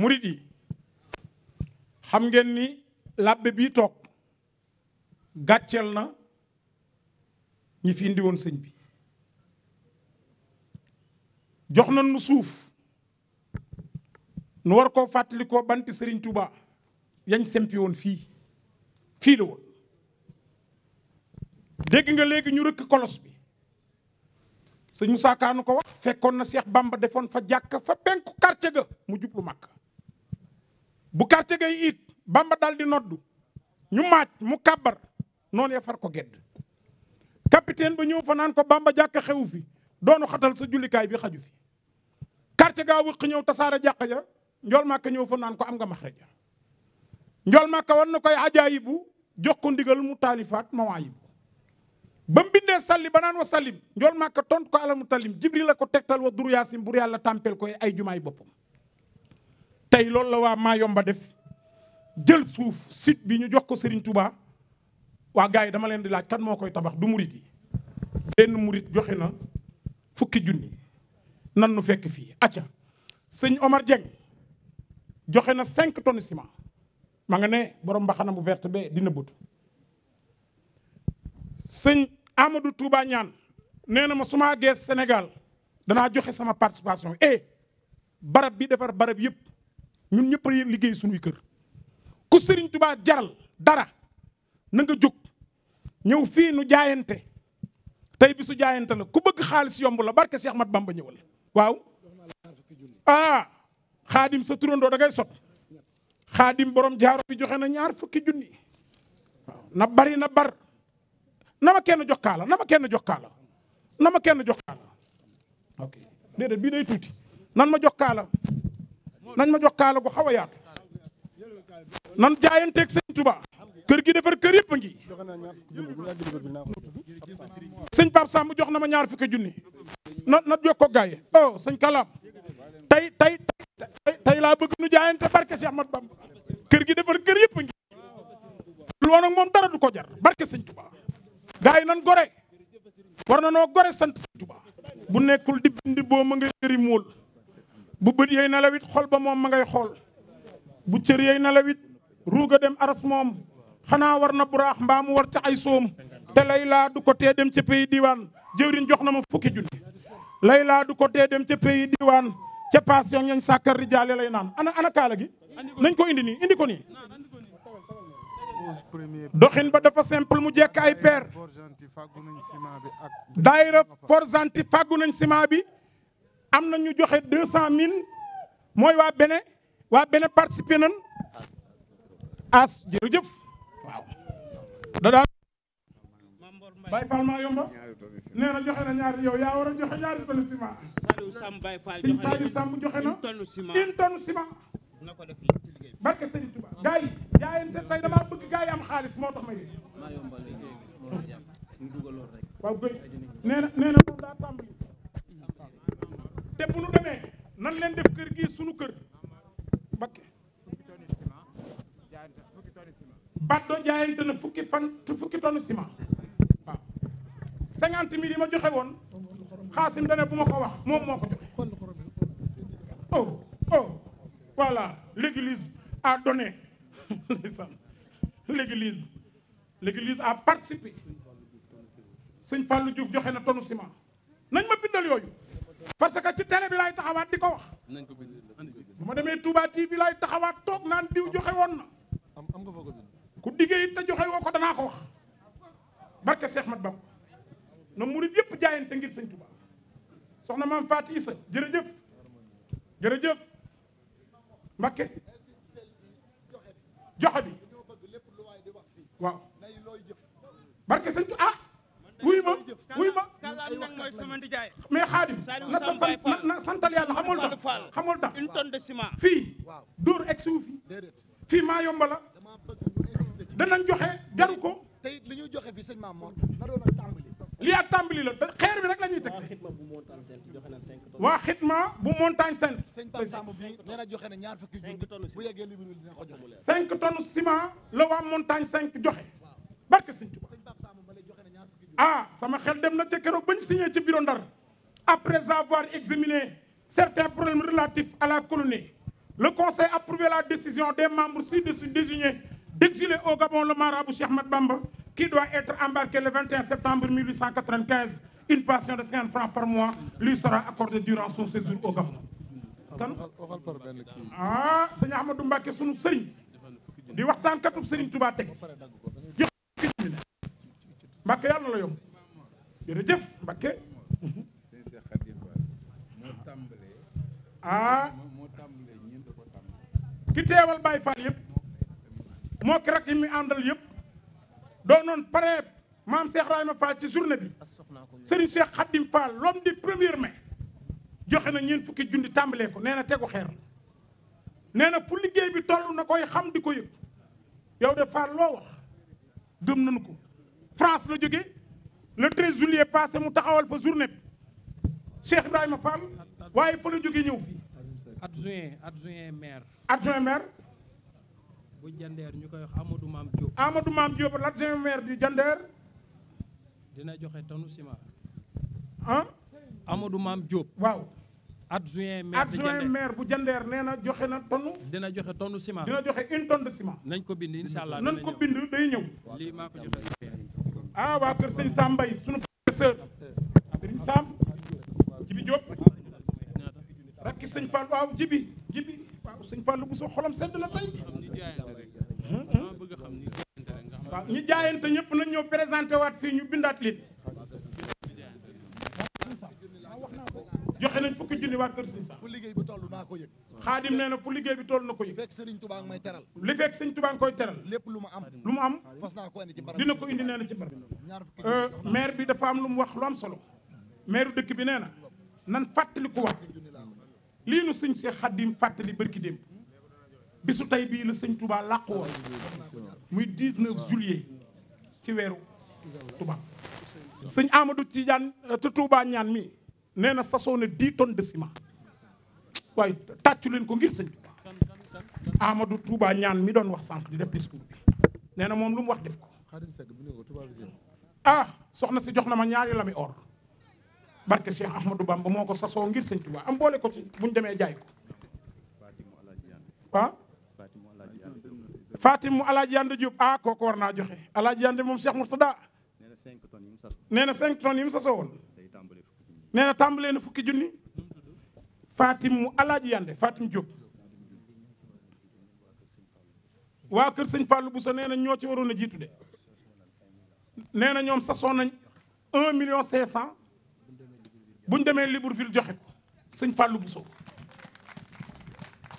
murit di xam ngeen ni làbbe bii toog gàcceel na ñi fi indi woon sëñ bi jox na nu suuf nu war koo fàttalikoo banti sëriñ Touba yañ sempi woon fii fii la woon dégg nga léegi ñu rëkk kolos bi sëñ Moussa ko wax fekkoon na seex Bamba defoon fa jàkk fa penku quartier ga mu jublu Makka bu quartier gay it bamba dal di noddu ñu maaj mu kàbbar noon ya far ko gedd capitaine ba ñëw fa naan ko bamba jàkk xewu fi doonu xatal sa jullikaay bi xaju fi quartier gaa wëq ñëw tasaare jàkka ja njool màkka ñëw fa naan ko am nga maxraja njool màkka war na koy ajaayibu jox ko ndigal mu taalifaat mawaayibu ba mu salli ba naan wa sallim njool màkka tontu ko alamu talim jibril la ko tegtal wa duru yaasim bur yàlla tàmpel koy ay jumaay boppam tey loolu la waa Mayomba def jël suuf sit bi ñu jox ko Serigne Touba waa gars yi dama leen di laaj kan moo koy tabax du murit yi benn murit joxe na fukki junni nan nu fekk fii acca sëñ Omar Dieng joxe na cinq tonnes ciment ma nga ne borom mbaxana bu verte be dina bëtu sëñ Amadou Touba ñaan nee na ma su ma àggee Sénégal danaa joxe sama participation eh barab bi defar barab yépp ñun ñëpp liggéey suñuy kër ku Serigne Touba jaral dara nanga jóg ñëw fii nu jaayante tey bi su jaayante la ku bëgg xaalis yomb la barke Cheikh Mat Bamba ñëwal waaw ah xaadim sa turandoo da ngay sot xaadim borom jaaro bi joxe na ñaar fukki junni na bari na bar na ma kenn jox kaala na ma kenn jox kaala na ma kenn jox kaala ok déedéet bii day tuuti nan ma jox kaala nañ ma jox kaala gu xaw a yaatu nan jaayanteeg sëñ Touba kër gi defar kër yëpp a ngi sëñ Pape Samb jox na ma ñaar fukki junni na na jokkoo gaay yi oh sëñ Kalaam tey tey tey laa bëgg nu jaayante barke Cheikh Ahmad Bamba kër gi defar kër yëpp a ngi loolu nag moom dara du ko jar barke sëñ Touba gaay yi nan gore war na noo gore sant sëñ Touba bu nekkul di bind boo ma nga yëri muul bu bët yey nelaw it xol ba moom ma ngay xool bu cër yey nelaw it ruuga dem aras moom xanaa war na buraax mbaa mu war ca ay soom te laylaa du ko tee dem ca pays diwaan jëwriñ jox na ma fukki junni laylaa du ko tee dem ca pays diwaan ca paas yoon yañ sàkkar rijaale lay naan ana ana kaala gi nañ ko indi nii indi ko nii doxin ba dafa simple mu jekk ay peer daayira forzanti fàggu nañ ciment bi am na ñu joxe deux cent mille mooy waa bene waa bene participer nan as jërëjëf waaw da daan Baye Fall maa yomba nee na joxe na ñaari yow yaa war a joxe ñaari tonne ciment si Saliou Samb joxe na une tonne ciment barke Serigne Touba gars yi jaayante tey damaa bëgg gars yi am xaalis moo tax ma yi te bu nu demee nan leen def kër gi sunu kër bakke baddo jaayante na fukki fan fukki tonne ciment waaw cinquante mille yi ma joxe woon xaasim dana bu ma ko wax moom moo ko joxe oh oh voilà l'église a donné l'église l'église a participé sëñ Fallou Diouf joxe na tonne nañ ma bindal yooyu parce que ci télé bi laay taxawaat di ko wax. bu ma demee Touba TV bi laay taxawaat toog naan diw joxe woon na. ku diggéey te joxe woo ko danaa ko wax barke Cheikh Mat Bamba na murid yëpp jaayante ngir sëñ Touba soxna maam Faati Isa jërëjëf jërëjëf Mbakke joxe bi waaw barke sëñ Touba ah. wuy ma wuy ma mais xaadim na sa sant na santal yàlla xamul tax xamul tax une tonne fii dóor egg suuf fii maa yomba la danañ joxe jaru ko te it li ñuy na doon ak tàmbali lii ak bi rek la ñuy waa xitma bu montagne sainte joxe na ñaar fukki junni bu yeggee li dina ko joxe cinq tonnes ciment la waa montagne cinq joxe barke sëñ ah sama xel dem na ca keroog bañ signé ci bureau Ndar après avoir examiné certains problèmes relatifs à la colonie le conseil approuvé la décision des membres ci-dessus désignés d'exiler au Gabon le marabout Cheikh Ahmad Bamba qui doit être embarqué le septembre une pension de 50 francs par mois lui sera accordée durant son séjour au Gabon. kan ah sëñ Ahmadou Mbacké sunu di waxtaan katub sëriñ Touba Mbacke yàlla na la yomb jërëjëf Mbacke. Mhm. ah ki teewal Baye Fall yëpp moo ki rak yi muy àndal yëpp doonoon pare maam Cheikh Rahima Fall ci journée bi Serigne Cheikh Khadim Fall l'homme du premier mai joxe na ñeent fukki junni tàmbalee ko nee na tegu xeer nee na fu liggéey bi toll na koy xam di ko yëg yow de Fall loo wax gëm ko. France la jóge le 13 juillet passé mu taxawal fa journée bi Cheikh Ibrahima Fall waaye fa la jóge ñëw fi adjoint adjoint maire adjoint maire bu jandeer ñu koy wax Amadou Mame Diop Amadou Mame Diop l'adjoint maire du jandeer dina joxe tonu ciment ah Amadou Mame Diop waaw adjoint maire adjoint maire bu jandeer nee na joxe na tonne. dina joxe tonne ciment. dina joxe une tonne de ciment. nañ ko bind incha nañ ko bind day ñëw. lii maa ah waa kër sëñ Sam Mbaye sunu professeur sëñ Sam Jibi Diop rakki sëñ Fall waaw Jibi Jibi waaw sëñ Fall bu soo xolam sedd na tey waaw ñi jaayante ñëpp nañ ñëw présenté waat fii ñu bindaat leen joxe nañ fukki junni waa kër sëñ Sam bu liggéey bu tollu daa ko yëg xaadim nee na fu liggéey bi toll na ko yëg. li fekk sëriñ Tuubaa may teral. li fekk sëriñ Tuubaa koy teral. lépp lu mu am lu am. fas naa ko indi ci barab dina ko indi nee na ci barab. Euh, maire bi dafa am lu mu wax lu am solo. maire dëkk bi nee na nan fàttali ko lii nu sëñ see xaadim fàttali bërki démb bisu tey bii la sëñ Tuubaa làqu woon muy 19 juillet ci weeru Tuubaa. sëñ Amadou Tidiane euh, te ñaan mi nee na sasoo na 10 tonnes de waaye tàccu leen ko ngir sëñ Touba Amadou Touba ñaan mi doon wax sànq di def discours bi na moom lu mu wax def ko ah soxna si jox na ma ñaari lami or barke Cheikh Ahmadou Bamba moo ko sasoo ngir sëñ Touba am boole ko ci buñ demee jaay ko waaw ah? Fatim mu alaaji Yande Diop ah kooku war naa joxe alaaji Yande moom seex mu Mourtada nee na cinq tonnes yi mu sasoo woon nee na tàmbalee na fukki junni Fatim mu alaaj yande Fatim jóg waa kër sëñ Fallou Bousso nee na ñoo ci waroon a jiitu de nee na ñoom sasoon nañ un million cinq cent buñ demee Libreville joxe ko sëñ Fallou Bousso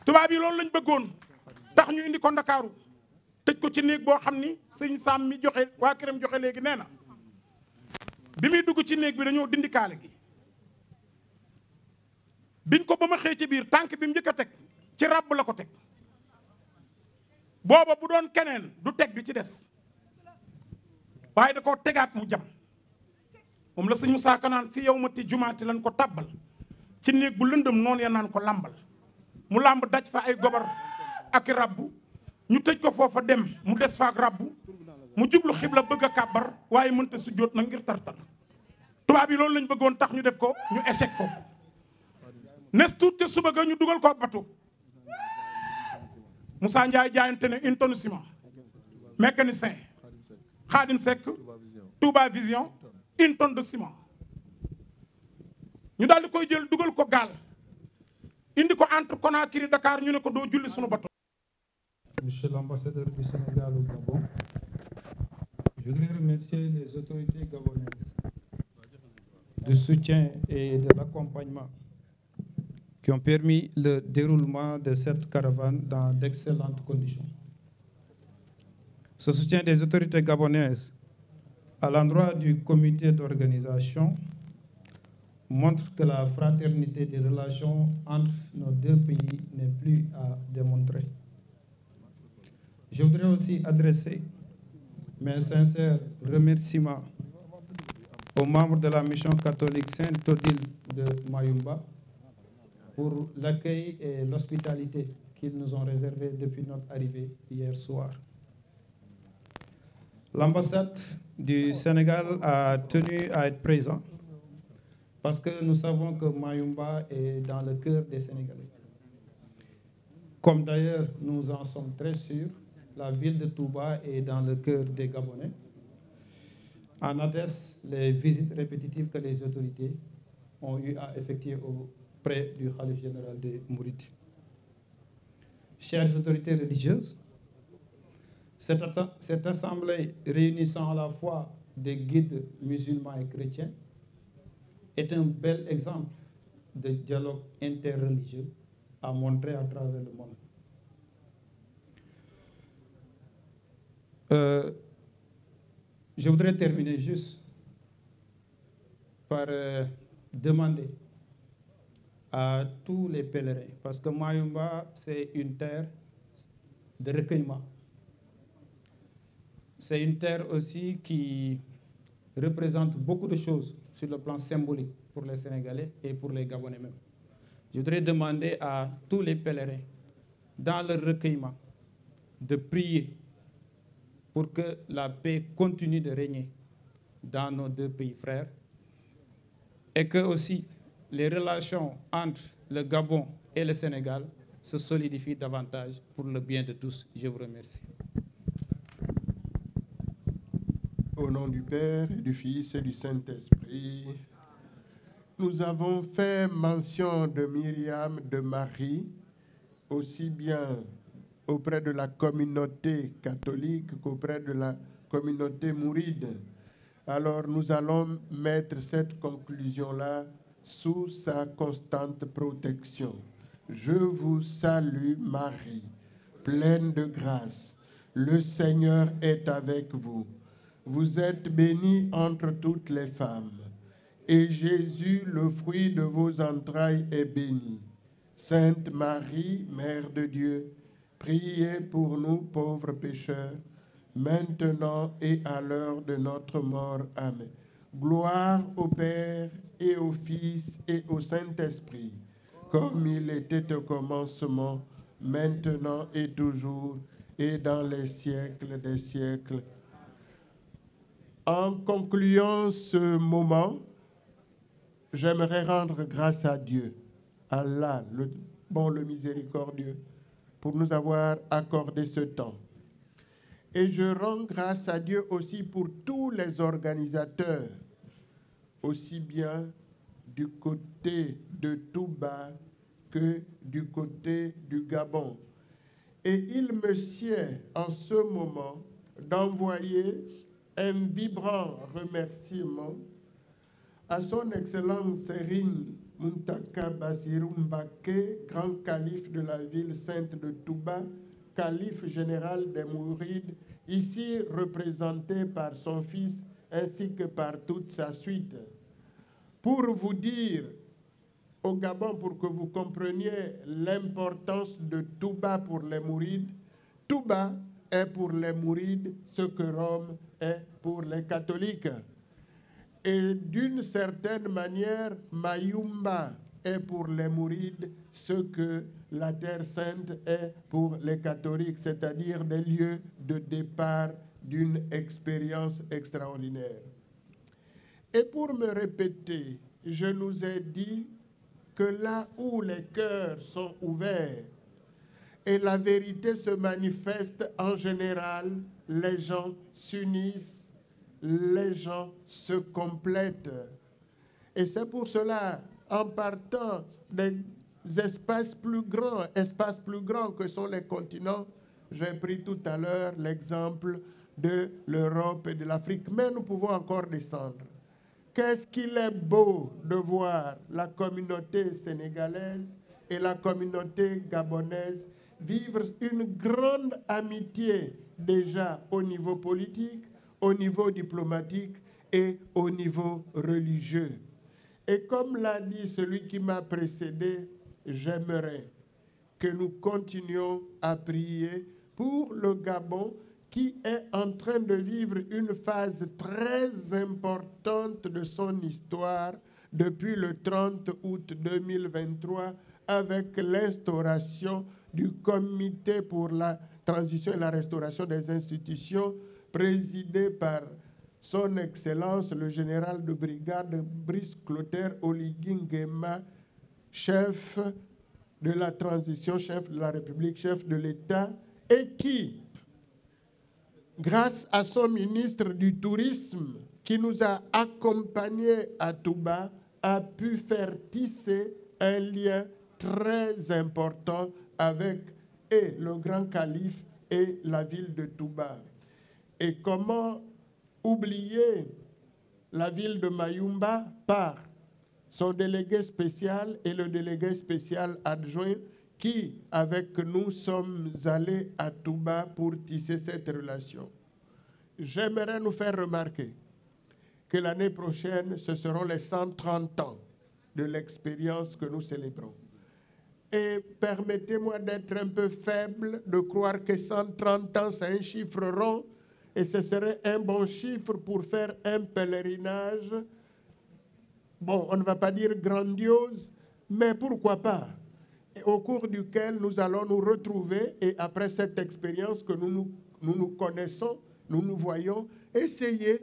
tubaab yi loolu lañ bëggoon tax ñu indi ko Ndakaaru tëj ko ci néeg boo xam ni sëñ Sam mi joxe waa këram joxe léegi nee na bi muy dugg ci néeg bi dañoo dindi kaale gi biñ ko ba ma xëy ci biir tànk bi mu njëkk a teg ci ràbb la ko teg booba bu doon keneen du teg bi ci des waaye da koo tegaat mu jam moom la sëñ Moussa naan fi yow ma te jumaati lañ ko tàbbal ci néeg bu lëndëm noonu ya naan ko làmbal mu làmb daj fa ay gobar ak rabbu ñu tëj ko foofa dem mu des fa ak rabbu mu jublu xibla bëgg a kàbbar waaye mënta su jóot nag ngir tartar tubaab yi loolu lañ bëggoon tax ñu def ko ñu échec foofu nes tuut te suba ga ñu dugal ko batu Moussa Ndiaye jaayante ne une tonne ciment mécanicien Khadim Seck Touba Vision une tonne de ciment ñu daal di koy jël dugal ko gaal indi ko entre Conakry Dakar ñu ne ko doo julli sunu bato Monsieur l'ambassadeur du Sénégal Gabon je voudrais les autorités gabonaises du soutien et de l'accompagnement qui ont permis le déroulement de cette caravane dans d'excellentes conditions. Ce soutien des autorités gabonaises à l'endroit du comité d'organisation montre que la fraternité des relations entre nos deux pays n'est plus à démontrer. Je voudrais aussi adresser mes sincères remerciements aux membres de la mission catholique Sainte-Odile de Mayumba pour l'accueil et l'hospitalité qu'ils nous ont réservé depuis notre arrivée hier soir. L'ambassade du Sénégal a tenu à être présent parce que nous savons que Mayumba est dans le cœur des Sénégalais. Comme d'ailleurs nous en sommes très sûrs, la ville de Touba est dans le cœur des Gabonais. En Adès, les visites répétitives que les autorités ont eu à effectuer près du Khalif général des Mourides. Chères autorités religieuses, cette, cette assemblée réunissant à la fois des guides musulmans et chrétiens est un bel exemple de dialogue interreligieux à montrer à travers le monde. Euh, je voudrais terminer juste par euh, demander à tous les pèlerins. Parce que Mayumba, c'est une terre de recueillement. C'est une terre aussi qui représente beaucoup de choses sur le plan symbolique pour les Sénégalais et pour les Gabonais même. Je voudrais demander à tous les pèlerins, dans le recueillement, de prier pour que la paix continue de régner dans nos deux pays frères et que aussi les relations entre le Gabon et le Sénégal se solidifient davantage pour le bien de tous. Je vous remercie. Au nom du Père et du Fils et du Saint-Esprit, nous avons fait mention de Myriam, de Marie, aussi bien auprès de la communauté catholique qu'auprès de la communauté mouride. Alors nous allons mettre cette conclusion-là sous sa constante protection. Je vous salue Marie, pleine de grâce. Le Seigneur est avec vous. Vous êtes bénie entre toutes les femmes. Et Jésus, le fruit de vos entrailles, est béni. Sainte Marie, Mère de Dieu, priez pour nous pauvres pécheurs, maintenant et à l'heure de notre mort. Amen. Gloire au Père et au Fils et au Saint-Esprit, comme il était au commencement, maintenant et toujours, et dans les siècles des siècles. En concluant ce moment, j'aimerais rendre grâce à Dieu, Allah, le bon, le miséricordieux, pour nous avoir accordé ce temps. Et je rends grâce à Dieu aussi pour tous les organisateurs aussi bien du côté de Touba que du côté du Gabon. Et il me sied en ce moment d'envoyer un vibrant remerciement à son Excellence Serigne Muntaka Bassirou grand calife de la ville sainte de Touba, calife général des Mourides, ici représenté par son fils ainsi que par toute sa suite. Pour vous dire au Gabon, pour que vous compreniez l'importance de Touba pour les Mourides, Touba est pour les Mourides ce que Rome est pour les catholiques. Et d'une certaine manière, Mayumba est pour les Mourides ce que la Terre Sainte est pour les catholiques, c'est-à-dire des lieux de départ d'une expérience extraordinaire. Et pour me répéter, je nous ai dit que là où les cœurs sont ouverts et la vérité se manifeste en général, les gens s'unissent, les gens se complètent. Et c'est pour cela, en partant des espaces plus grands, espaces plus grands que sont les continents, j'ai pris tout à l'heure l'exemple de l'Europe et de l'Afrique, mais nous pouvons encore descendre. Qu'est-ce qu'il est beau de voir la communauté sénégalaise et la communauté gabonaise vivre une grande amitié déjà au niveau politique, au niveau diplomatique et au niveau religieux. Et comme l'a dit celui qui m'a précédé, j'aimerais que nous continuions à prier pour le Gabon qui est en train de vivre une phase très importante de son histoire depuis le 30 août 2023 avec l'instauration du comité pour la transition et la restauration des institutions présidé par son Excellence le général de brigade Brice Clotaire Oligingema, chef de la transition, chef de la République, chef de l'État, et qui, grâce à son ministre du Tourisme qui nous a accompagnés à Touba, a pu faire tisser un lien très important avec et le grand calife et la ville de Touba. Et comment oublier la ville de Mayumba par son délégué spécial et le délégué spécial adjoint qui, avec nous, sommes allés à Touba pour tisser cette relation. J'aimerais nous faire remarquer que l'année prochaine, ce seront les ans de l'expérience que nous célébrons. Et permettez-moi d'être un peu faible, de croire que 130 ans, c'est un chiffre et ce serait un bon chiffre pour faire un pèlerinage, on ne va pas dire grandiose, mais pourquoi pas au cours duquel nous allons nous retrouver et après cette expérience que nous nous, nous nous connaissons, nous nous voyons, essayez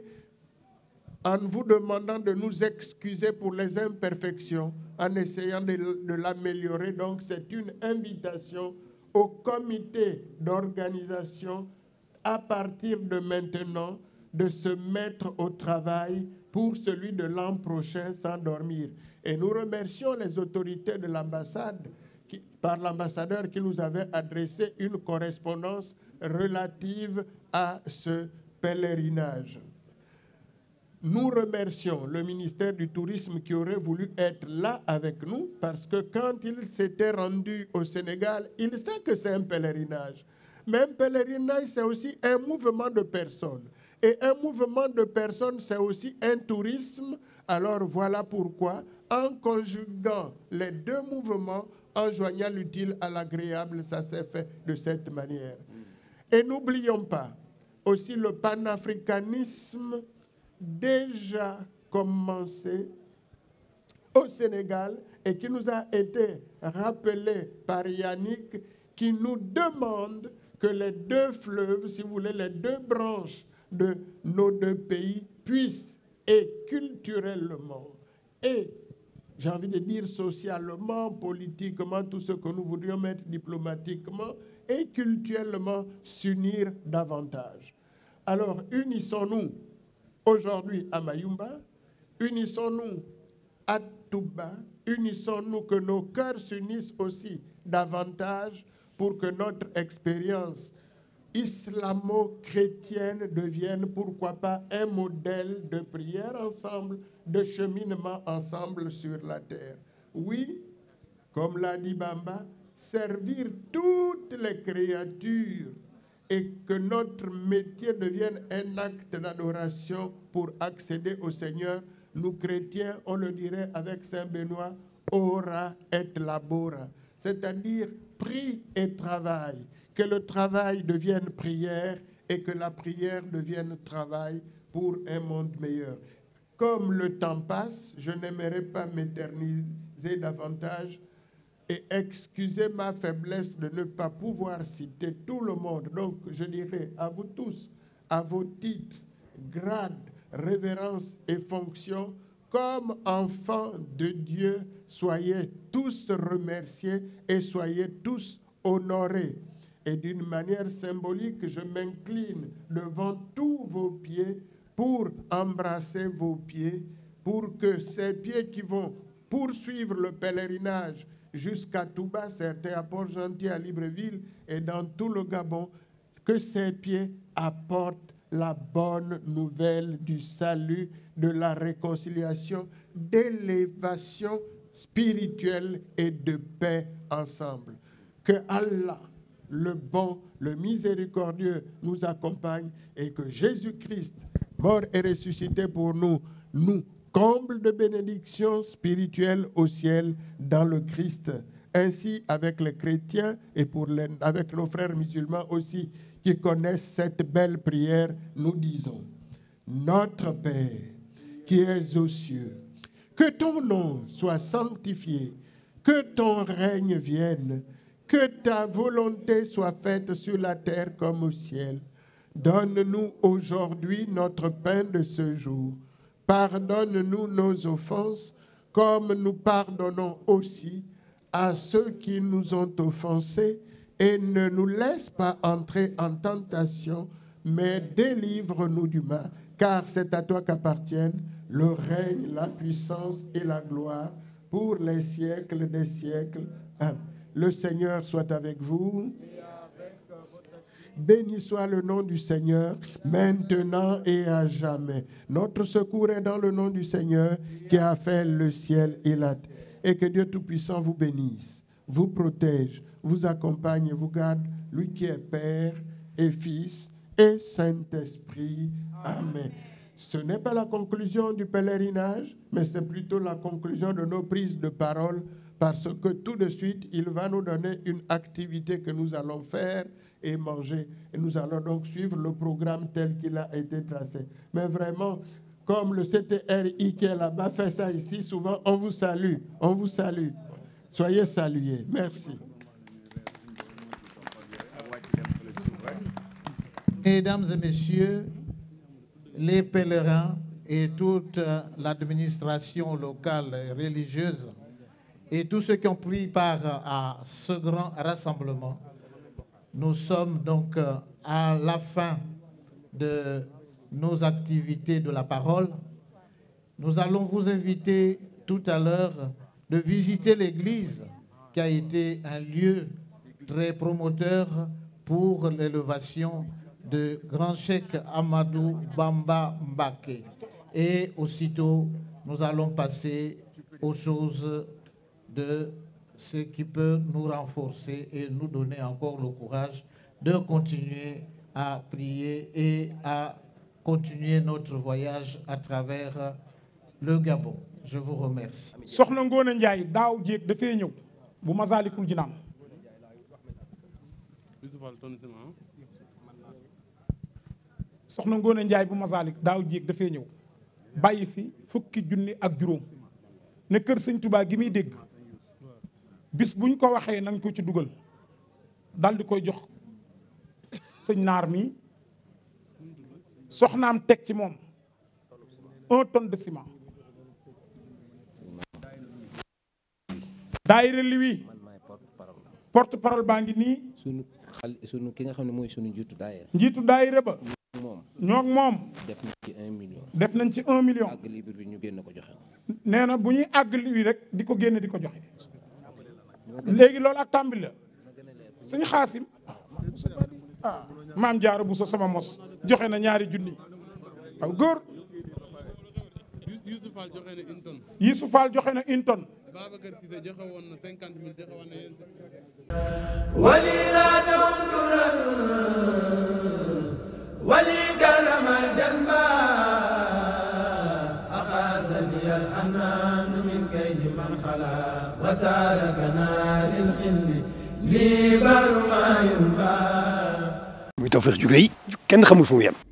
en vous demandant de nous excuser pour les imperfections, en essayant de, de l'améliorer. Donc c'est une invitation au comité d'organisation à partir de maintenant de se mettre au travail pour celui de l'an prochain sans dormir. Et nous remercions les autorités de l'ambassade par l'ambassadeur qui nous avait adressé une correspondance relative à ce pèlerinage. Nous remercions le ministère du Tourisme qui aurait voulu être là avec nous parce que quand il s'était rendu au Sénégal, il sait que c'est un pèlerinage. Mais un pèlerinage, c'est aussi un mouvement de personne Et un mouvement de personnes, c'est aussi un tourisme. Alors voilà pourquoi, en conjuguant les deux mouvements, en joignant l'utile à l'agréable, ça s'est fait de cette manière. Et n'oublions pas aussi le panafricanisme déjà commencé au Sénégal et qui nous a été rappelé par Yannick, qui nous demande que les deux fleuves, si vous les deux branches de nos deux pays puissent et culturellement et j'ai envie de dire socialement, politiquement, tout ce que nous voudrions mettre diplomatiquement et culturellement, s'unir davantage. Alors, unissons-nous aujourd'hui à Mayumba, unissons-nous à Touba, unissons-nous que nos cœurs s'unissent aussi davantage pour que notre expérience islamo-chrétienne devienne, pourquoi pas, un modèle de prière ensemble, de cheminement ensemble sur la terre. Oui, comme l'a dit Bamba, servir toutes les créatures et que notre métier devienne un acte d'adoration pour accéder au Seigneur. Nous chrétiens, on le dirait avec Saint Benoît, ora et labora, c'est-à-dire prie et travail. que le travail devienne prière et que la prière devienne travail pour un monde meilleur. Comme le temps passe, je n'aimerais pas m'éterniser davantage et excusez ma faiblesse de ne pas pouvoir citer tout le monde. Donc je dirais à vous tous, à vos titres, grades, révérences et fonctions, comme enfants de Dieu, soyez tous remerciés et soyez tous honorés. et d'une manière symbolique, je m'incline devant tous vos pieds pour embrasser vos pieds, pour que ces pieds qui vont poursuivre le pèlerinage jusqu'à Touba, certains à port à Libreville et dans tout le Gabon, que ces pieds apportent la bonne nouvelle du salut, de la réconciliation, d'élévation spirituelle et de paix ensemble. Que Allah le bon, le miséricordieux nous accompagne et que Jésus-Christ, mort et ressuscité pour nous, nous comble de bénédictions spirituelles au ciel dans le Christ. Ainsi, avec les chrétiens et pour les, avec nos frères musulmans aussi qui connaissent cette belle prière, nous disons, Notre Père qui es aux cieux, que ton nom soit sanctifié, que ton règne vienne Que ta volonté soit faite sur la terre comme au ciel. Donne-nous aujourd'hui notre pain de ce jour. Pardonne-nous nos offenses, comme nous pardonnons aussi à ceux qui nous ont offensés, et ne nous laisse pas entrer en tentation, mais délivre-nous du mal, car c'est à toi qu'appartiennent le règne, la puissance et la gloire pour les siècles des siècles. Le Seigneur soit avec vous. Béni soit le nom du Seigneur, maintenant et à jamais. Notre secours est dans le nom du Seigneur qui a fait le ciel et la terre. Et que Dieu Tout-Puissant vous bénisse, vous protège, vous accompagne et vous garde, lui qui est Père et Fils et Saint-Esprit. Amen. Ce n'est pas la conclusion du pèlerinage, mais c'est plutôt la conclusion de nos prises de parole parce que tout de suite, il va nous donner une activité que nous allons faire et manger. Et nous allons donc suivre le programme tel qu'il a été tracé. Mais vraiment, comme le CTRI qui est là-bas fait ça ici, souvent on vous salue, on vous salue. Soyez salués. Mesdames et messieurs, les pèlerins et toute l'administration locale et religieuse et tous ceux qui ont pris part à ce grand rassemblement. Nous sommes donc euh, à la fin de nos activités de la parole. Nous allons vous inviter tout à l'heure de visiter l'église qui a été un lieu très promoteur pour l'élévation de Grand Cheikh Amadou Bamba Mbake. Et aussitôt, nous allons passer aux choses de ce qui peut nous renforcer et nous donner encore le courage de continuer à prier et à continuer notre voyage à travers le Gabon je vous remercie. soxna Ngoone Ndiaye daaw jéeg dafee ñëw bu Masaalikul Jinaan. soxna Ngoone Ndiaye bu Masaalik daaw jéeg dafee ñëw bàyyi fi fukki junni ak juróom ne kër sëñ Touba gi muy dégg. bis buñ ko waxee nañ ko ci dugal dal di koy jox sëñ naar mi soxnaam teg ci moom un tonne de ciment. daayira Liwi porte parole baa ngi nii. sunu xal sunu ki nga xam ne mooy sunu njiitu daayira. njiitu daayira ba. moom ñoo moom. def nañ ci un million. def nañ ci un million. àgg libre bi ñu génn ko joxe. nee na bu ñuy àgg liwi rek di ko génne di ko joxe. léegi loolu ak tàmbali la sëñ xaasim ah maam jaara bu sama mos joxe na ñaari junni waaw góor Youssou Fall joxe na une tonne. Youssou Fall joxe na une tonne. Babacar Cissé joxe wali raadaw duran يا الحنان من كيد من خلا وسالكنا للخل لي بر ما ينبا muy Tawfekh jugee yi kenn xamul fu mu yem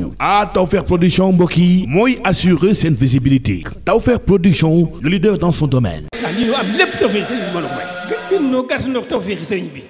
loolu ah Tawfekh production mbokk yi mooy assurer seen visibilité Tawfekh production le leader dans son domaine. ah lii am lépp Tawfekh sëriñ bi bi.